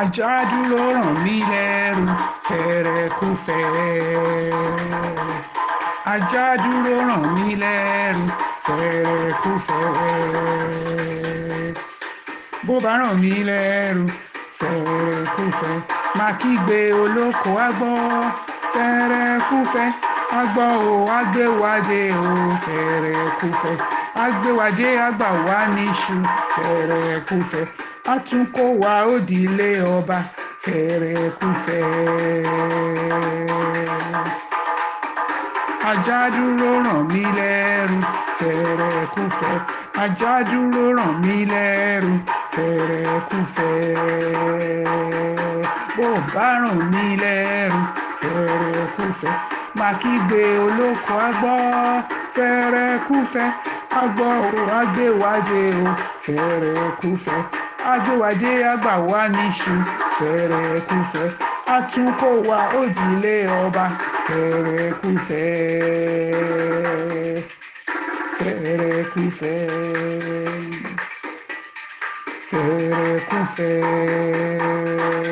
àjàdù ló ràn mí lẹ́rù fẹ́rẹ́kúfẹ́. àjàdù ló ràn mí lẹ́rù fẹ́rẹ́kúfẹ́. bó bá ràn mí lẹ́rù fẹ́rẹ́kúfẹ́ máa kígbe olóko àgbọ̀ fẹ́rẹ́kúfẹ́ àgbọ̀ o àgbéwájé o fẹ́rẹ́kúfẹ́ àgbéwájé àgbà wá níṣu fẹ́rẹ́kúfẹ́ a tún kó wa ó di ilé ọba fẹ̀rẹ̀kúfẹ̀. ajá dúró ràn mí lẹ́rù fẹ̀rẹ̀kúfẹ̀ ajá dúró ràn mí lẹ́rù fẹ̀rẹ̀kúfẹ̀ bó bá ràn mí lẹ́rù fẹ̀rẹ̀kúfẹ̀ màkígbe olóko agbọ́ fẹ̀rẹ̀kúfẹ̀ agbọ́ ò agbéwájẹ ò fẹ̀rẹ̀kúfẹ̀ ajówadé àgbà wá níṣu fẹ̀rẹ̀kùfẹ̀ àtúnkò wa òdìlé ọba fẹ̀rẹ̀kùfẹ̀ fẹ̀rẹ̀kùfẹ̀ fẹ̀rẹ̀kùfẹ̀.